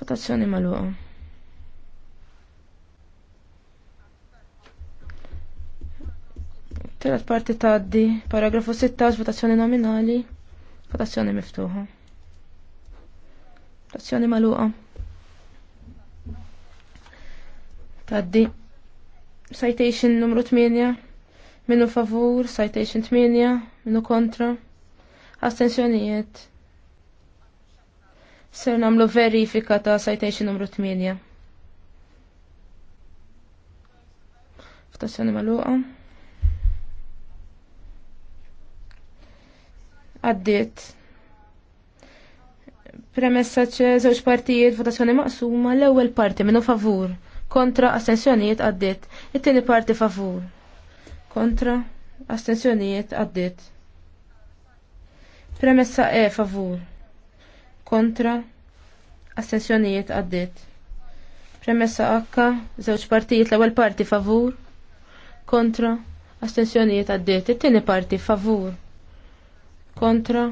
Votazzjoni magħluqa. Tirat parti tgħaddi, paragrafu 16, votazzjoni nominali. Votazzjoni miftuħa. Votazzjoni maluqa. Taddi. Citation numru 8. Minnu favur, citation 8. Minnu kontra. Astensjonijiet. Ser namlu verifika ta' citation numru 8. Votazzjoni maluqa. għaddiet. Premessa ċe żewġ partijiet votazzjoni maqsuma l-ewwel parti minnu favur kontra astensjonijiet għaddiet. It-tieni parti favur kontra astensjonijiet għaddiet. Premessa E favur kontra astensjonijiet għaddiet. Premessa H żewġ partijiet l-ewwel parti favur kontra astensjonijiet għaddiet. It-tieni parti favur kontra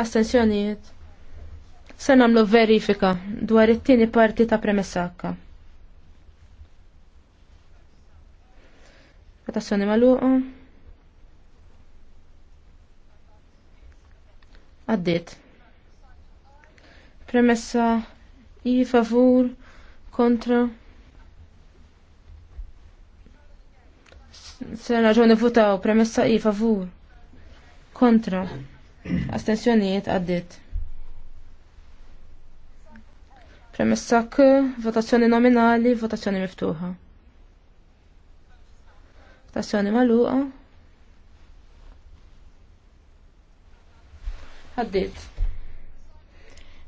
astensjonijiet. Se nagħmlu verifika dwar it-tieni parti ta' premessa H. Votazzjoni maluqa. Għaddiet. Premessa i favur kontra. Se raġuni votaw premessa i favur kontra astensjonijiet għaddit. Premessa k, votazzjoni nominali, votazzjoni miftuħa. Votazzjoni maluqa. Għaddit.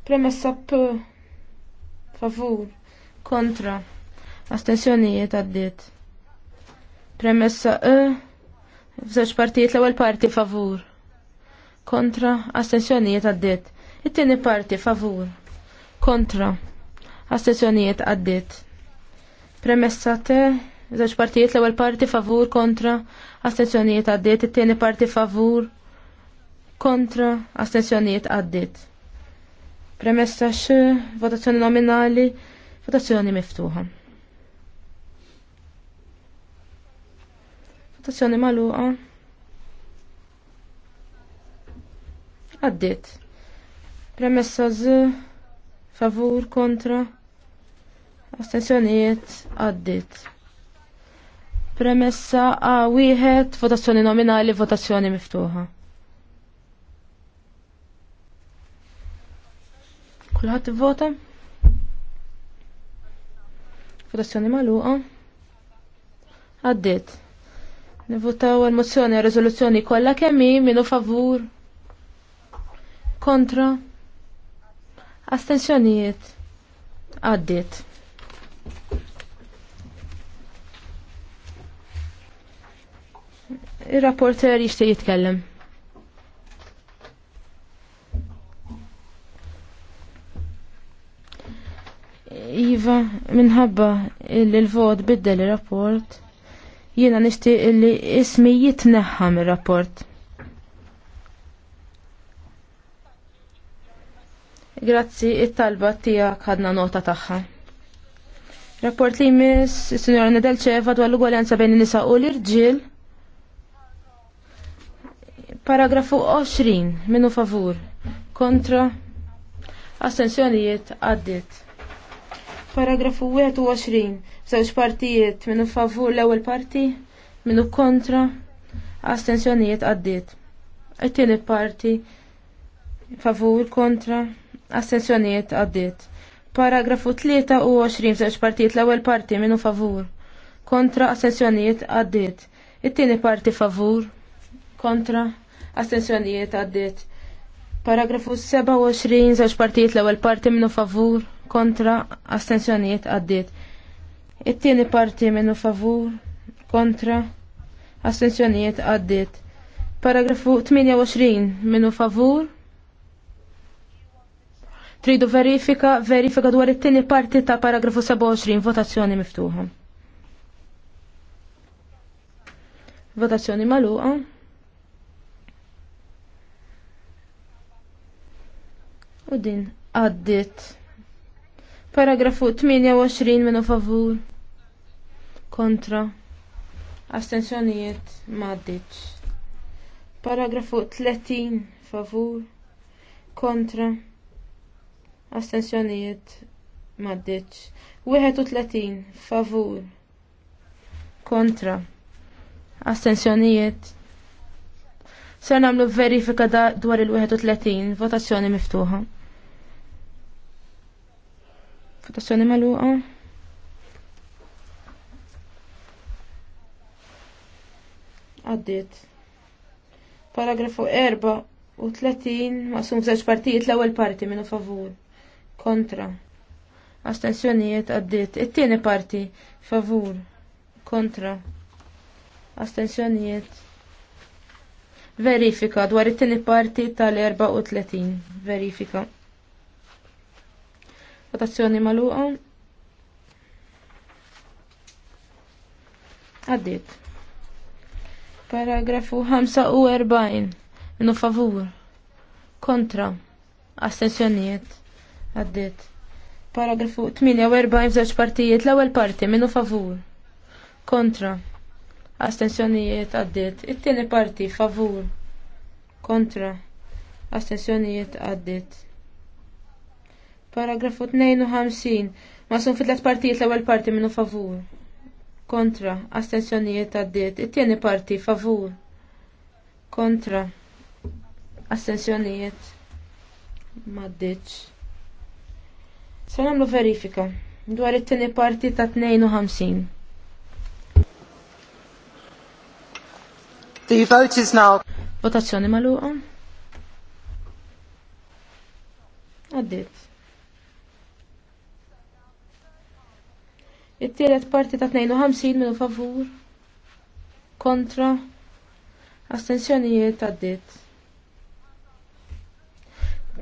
Premessa p, favur, kontra, astensjonijiet għaddit. Premessa e, f'żewġ partijiet l-ewwel parti favur kontra astensjonijiet għaddit. It-tieni parti favur kontra astensjonijiet għaddit. Premessa te żewġ partijiet l-ewwel parti favur kontra astensjonijiet għaddit, it-tieni parti favur kontra astensjonijiet għaddit. Premessa x votazzjoni nominali, votazzjoni miftuħa. Votazzjoni maluqa. Għaddit. Premessa z, favur, kontra, astensjonijiet, għaddit. Premessa a wieħed votazzjoni nominali, votazzjoni miftuħa. Kulħadd ivvota? Votazzjoni magħluqa. Għaddit. Nivvotaw għal mozzjoni għal rezoluzzjoni kollha kemm min favur kontra astensjonijiet għaddit. Il-rapporter jishtiq jitkellem. Iva, minħabba il-vot biddel il-rapport, jiena nishtiq li ismi jitneħħam il-rapport. Grazzi, it-talba tiegħek ħadna nota tagħha. Rapport li s signora Nedelċeva dwar l ugualenza bejn nisa u l-irġiel. Paragrafu 20, minu favur, kontra, astensjonijiet għaddit. Paragrafu 21, żewġ partijiet, minu favur l-ewwel parti, minu kontra, astensjonijiet għaddit. it parti, favur, kontra, Astenzjonijiet għaddiet. Paragrafu 23 zaċ partijiet l-ewwel parti minnu favur. Kontra astenzjonijiet għaddiet. It-tieni parti favur. Kontra astenzjonijiet għaddiet. Paragrafu 27 żewġ partijiet l-ewwel parti minnu favur. Kontra astenzjonijiet għaddiet. It-tieni parti minnu favur. Kontra astenzjonijiet għaddiet. Paragrafu 28 minnu favur Tridu verifika, verifika dwar it-tieni parti ta' paragrafu 27, votazzjoni miftuħa. Votazzjoni maluqa. U din għaddit. Paragrafu 28 minu favur. Kontra. Astenzjonijiet maddiċ. Paragrafu 30 favur. Kontra astensjonijiet maddiċ. 31 favur kontra astensjonijiet. Ser namlu verifika dwar il-31 votazzjoni miftuħa. Votazzjoni maluqa. Għaddit. Paragrafu 4 u 30 maqsum f'żewġ partijiet l-ewwel parti minnu favur kontra astensjonijiet għaddiet. It-tieni parti favur kontra astensjonijiet. Verifika dwar it-tieni parti tal-34. Verifika. Votazzjoni magħluqa. Għaddiet. Paragrafu 45. Minu favur. Kontra. Astensjonijiet Għaddit. Paragrafu 48 f'żewġ partijiet l-ewwel parti minnu favur. Kontra. Astensjonijiet għaddiet. It-tieni parti favur. Kontra. Astensjonijiet għaddiet. Paragrafu 52 maqsum fit-tlet partijiet l-ewwel parti minnu favur. Kontra. Astensjonijiet għaddiet. It-tieni parti favur. Kontra. Astensjonijiet. Maddiċ. Se nagħmlu verifika dwar it-tieni parti ta' 52. The vote is now. Votazzjoni magħluqa. Għaddiet. It-tielet parti ta' 52 minu favur. Kontra. astensjonijiet għaddiet.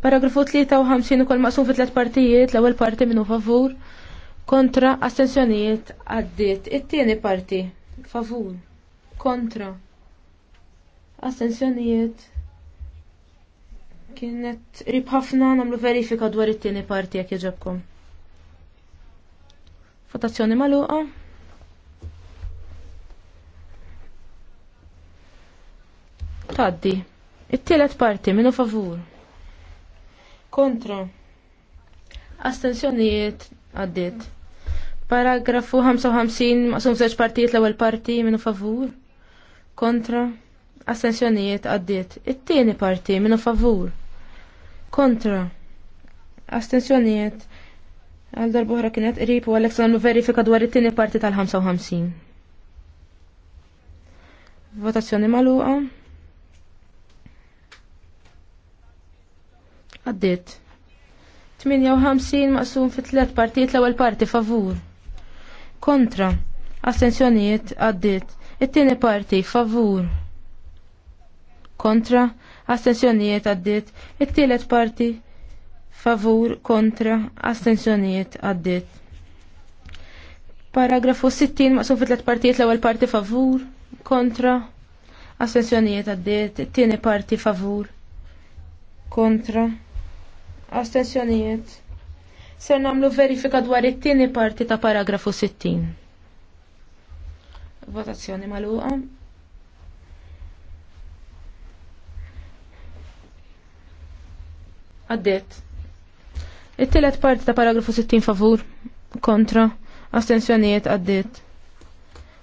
Paragrafu 53 ukoll maqsum fi tliet partijiet, l-ewwel parti minnu favur, kontra astensjonijiet għaddiet. It-tieni parti favur, kontra astensjonijiet kienet rib ħafna nagħmlu verifika dwar it-tieni parti jekk jġobkom. Votazzjoni magħluqa. Taddi. It-tielet parti minnu favur kontra astensjonijiet għaddit. Paragrafu 55 maqsum zeċ partijiet l-ewwel parti minu favur kontra astensjonijiet għaddit. It-tieni parti minu favur kontra astensjonijiet għal darbuħra kienet qrib u għalek sanu verifika dwar it-tieni parti tal-55. Votazzjoni maluqa. Għaddit. 58 maqsum fi tlet partijiet l-ewwel parti favur. Kontra. Astensjonijiet għaddit. It-tieni parti favur. Kontra. Astensjonijiet għaddit. It-tielet parti favur kontra astensjonijiet għaddit. Paragrafu 60 maqsum fi tlet partijiet l-ewwel parti favur. Kontra. Astensjonijiet għaddit. It-tieni parti favur. Kontra Astenzjonijiet. Ser namlu verifika dwar it-tieni parti ta' paragrafu 60. Votazzjoni maluqa. Għaddiet. It-tielet parti ta' paragrafu 60 favur kontra Astenzjonijiet għaddiet.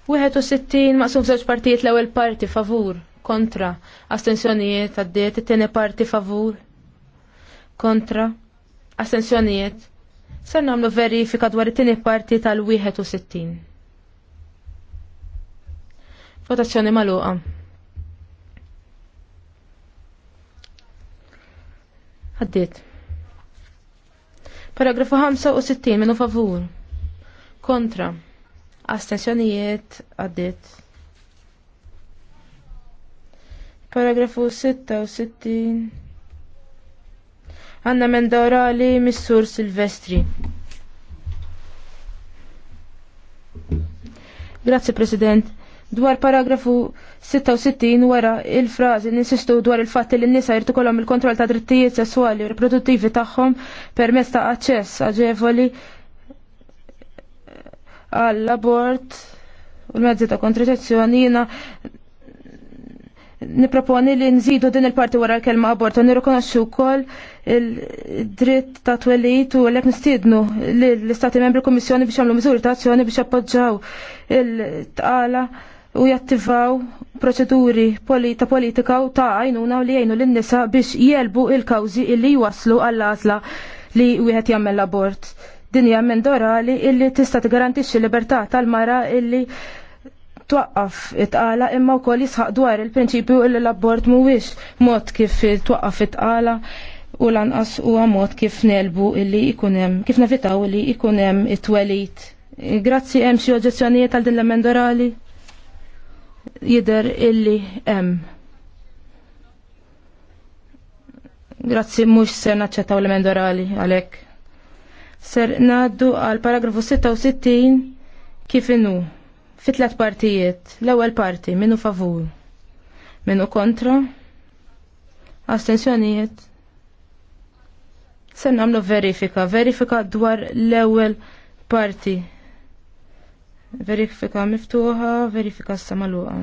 61 maqsum żewġ partijiet l-ewwel parti favur kontra astenzjonijiet għaddiet it-tieni parti favur kontra, assenzjonijiet, sar namlu verifika dwar it-tieni parti tal-61. Votazzjoni maluqa. Għaddit. Paragrafu 65 minu favur. Kontra. Astensjonijiet għaddiet. Paragrafu 66 Għanna menda orali Missur Silvestri. Grazie President. Dwar paragrafu 66 wara il-frażi ninsistu dwar il-fatt li n-nisa jirtu kollhom il-kontroll ta' drittijiet sesswali u riproduttivi tagħhom permezz ta' aċċess aġevoli għall-abort u l-mezzi ta' kontraċezzjoni jiena niproponi li nżidu din il-parti wara l-kelma abort u nirrikonoxxu wkoll il-dritt ta' twellit u l nistidnu nistiednu l-Istati membri kommissjoni biex għamlu mizuri ta' azzjoni biex appoġġaw il-tqala u jattivaw proċeduri ta' politika u ta' għajnuna u li jgħinu l-nisa biex jelbu il-kawzi illi jwaslu għall azla li wieħed jagħmel l-abort. Dinja minn dorali illi tista' l libertà tal-mara illi twaqqaf it-qala imma wkoll jisħaq dwar il-prinċipju illi l-abort mhuwiex mod kif twaqqaf it-qala u lanqas u għamot kif nelbu illi ikunem, kif nevitaw illi ikunem it-twelit. Grazzi hemm xi oġġezzjonijiet għal din l emendorali Jider illi hemm. Grazzi mhux ser naċċettaw l emendorali għalhekk. Ser ngħaddu għal paragrafu 66 kif inhu fit tlet partijiet. L-ewwel parti minnu favur, minnu kontra, astensjonijiet Se nagħmlu verifika, verifika dwar l-ewwel parti. Verifika miftuħa, verifika samaluqa.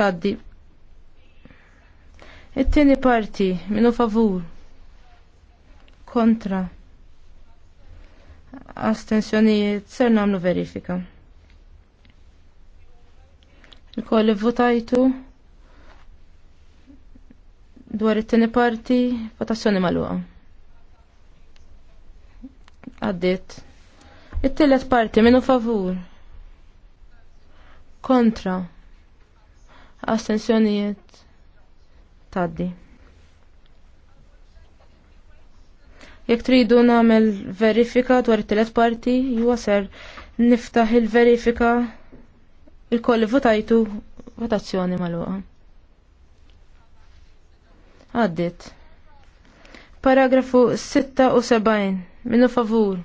Taddi. It-tieni parti, minu favur. Kontra. Astensjonijiet, ser nagħmlu verifika. Il-kolli votajtu. Dwar it-tieni parti, votazzjoni magħluqa. Għaddiet. It-tielet parti minu favur. Kontra. Astensjonijiet. Taddi. Jekk tridu nagħmel verifika dwar it-tielet parti, huwa ser niftaħ il-verifika il-kolli votajtu votazzjoni magħluqa. Għaddit. Paragrafu 76. Minu favur.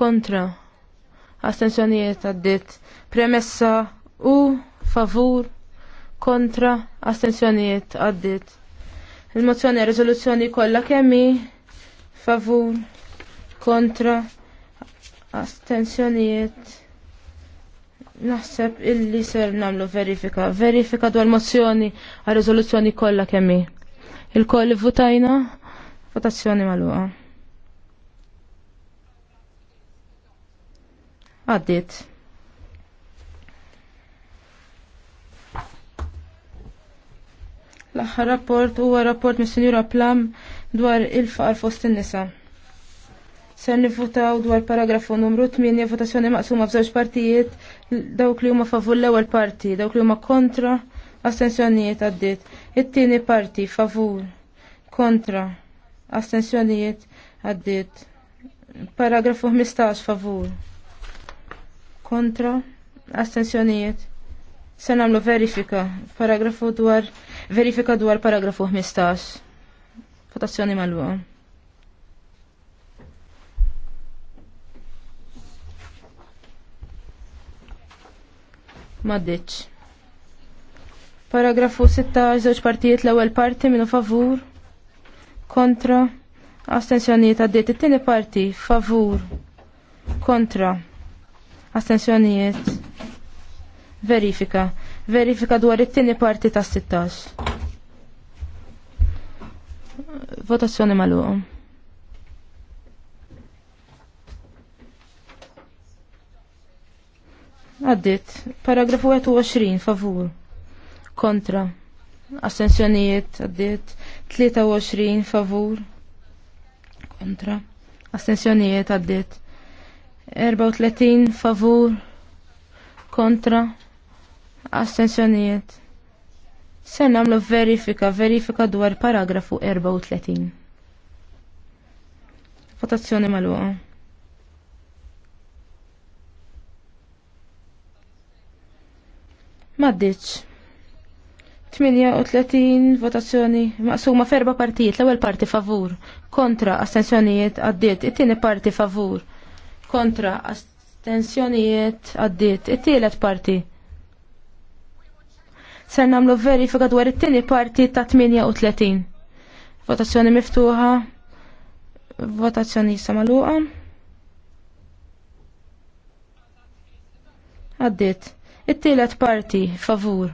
Kontra. astensjonijiet għaddit. Premessa u favur. Kontra. astensjonijiet għaddit. Il-mozzjoni rezoluzzjoni kollha kemmi favur kontra astensjonijiet. Naħseb illi ser namlu verifika. Verifika dwar mozzjoni għal riżoluzzjoni kollha kemmi. Il-koll votajna votazzjoni magħluqa. Għaddit. L-aħħar rapport huwa rapport mis-Sinjura Plam dwar il-faqar fost in-nisa. Se nivvotaw dwar paragrafu numru 8 votazzjoni maqsuma f'żewġ partijiet dawk li huma favur l-ewwel parti, dawk li huma kontra astensjonijiet għaddiet. It-tieni parti favur kontra astensjonijiet għaddiet. Paragrafu 15 favur kontra astensjonijiet. Se nagħmlu verifika paragrafu dwar verifika dwar paragrafu 15. Votazzjoni mal-waqgħa. Maddiċ. Paragrafu 16, żewġ partijiet l-ewwel parti minu favur, kontra, astensjonijiet għaddiet it-tieni parti favur, kontra, astensjonijiet. Verifika. Verifika dwar it-tieni parti ta' 16. Votazzjoni magħluqa. Għaddit. Paragrafu 21, favur. Kontra. Astensjonijiet, għaddit. 23, favur. Kontra. Astensjonijiet, għaddit. 34, favur. Kontra. Astensjonijiet. Sen namlu verifika, verifika dwar paragrafu 34. Votazzjoni mal Maddiċ. 38 votazzjoni maqsuma ferba partijiet, l-ewwel parti favur, kontra astensjonijiet għaddiet, it-tieni parti favur, kontra astensjonijiet għaddiet, it-tielet parti. Ser nagħmlu verifika dwar it-tieni parti ta' 38. Votazzjoni miftuħa, votazzjoni samaluqa. Għaddiet. It-tielet parti favur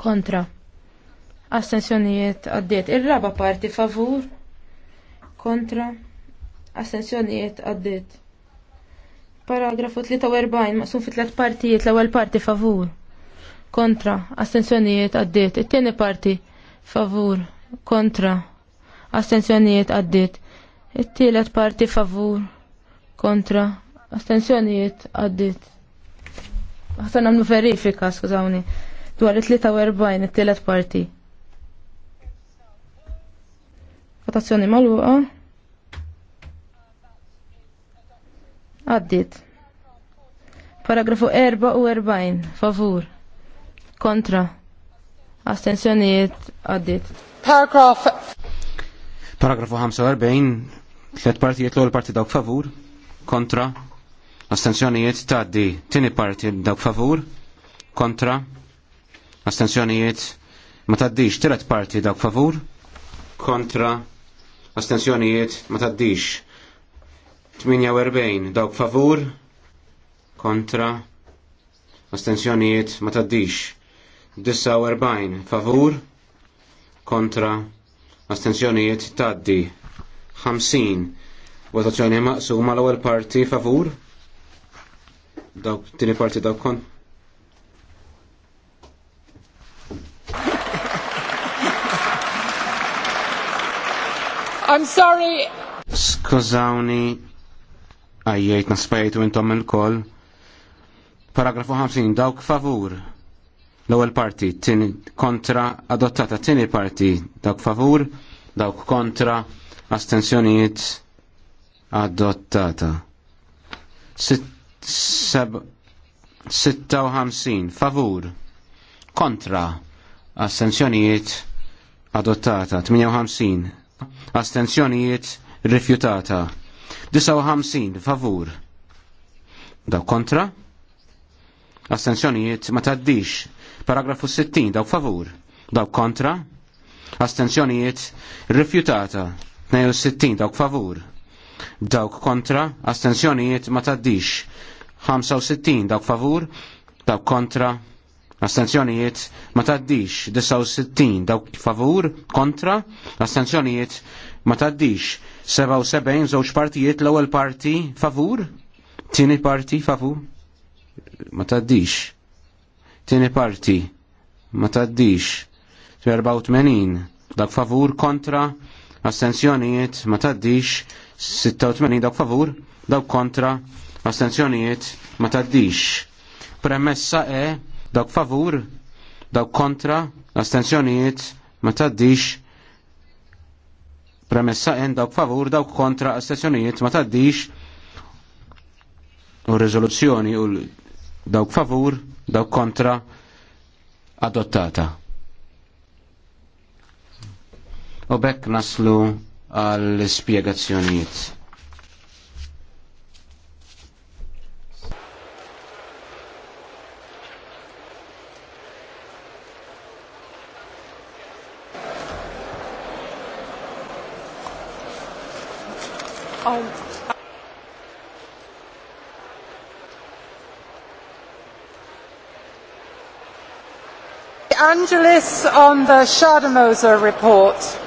kontra astensjonijiet għaddiet. Ir-raba parti favur kontra astensjonijiet għaddiet. Paragrafu 43 maqsum fi tliet partijiet l-ewwel parti favur kontra astensjonijiet għaddiet. It-tieni parti favur kontra astensjonijiet għaddiet. It-tielet parti favur kontra astensjonijiet għaddiet ħafna għamlu verifika, skużawni, dwar it-43 it-tielet parti. Votazzjoni magħluqa. Għaddit. Paragrafu u 44, favur. Kontra. Astensjonijiet għaddit. Paragraf. Paragrafu 45, tliet partijiet l parti dawk favur, kontra, Astenzjonijiet taddi tini parti dawk favur, kontra, astenzjonijiet ma taddix tret parti dawk favur, kontra, astenzjonijiet ma taddix 48 dawk favur, kontra, astenzjonijiet ma taddix 49 favur, kontra, astenzjonijiet taddi 50 votazzjoni maqsuma l-ewwel parti favur, tini parti dawk kon. I'm sorry. Skużawni, għajjajt naspajtu intom il kol Paragrafu 50, dawk favur. L-ewwel parti, tini kontra adottata, tini parti, dawk favur, dawk kontra, astensjoniet adottata. Sitt 56 favur kontra astenzjonijiet adottata 58 astenzjonijiet rifjutata 59 favur daw kontra astenzjonijiet ma taddix paragrafu 60 daw favur daw kontra astenzjonijiet rifjutata 62 dawk favur dawk kontra astenzjonijiet ma taddix 65 dawk favur, dawk kontra, astenzjonijiet ma taddix 69 dawk favur, kontra, astenzjonijiet ma taddix 77 żewġ partijiet l-ewwel parti favur, tieni parti favur, ma taddix. Tieni parti ma taddix 84 Dawk favur kontra, astenzjonijiet ma taddix 86 dawk favur, Dawk kontra, astenzjonijiet ma taddix. Premessa E dawk favur, dawk kontra, astenzjonijiet ma taddix. Premessa e dawk favur, dawk kontra, astenzjonijiet ma taddix. U rezoluzzjoni u dawk favur, dawk kontra adottata. U bekk naslu għall spiegazzjonijiet. this on the Schademoser report.